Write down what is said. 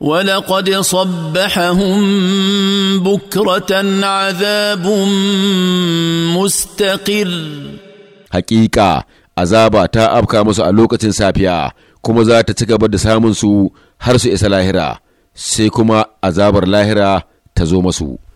ولقد صبحهم بكره عذاب مستقر حقيقه azaba ta afka musu a lokacin safiya kuma za ta ci gaba da samun su har su isa lahira sai kuma azabar lahira ta zo masu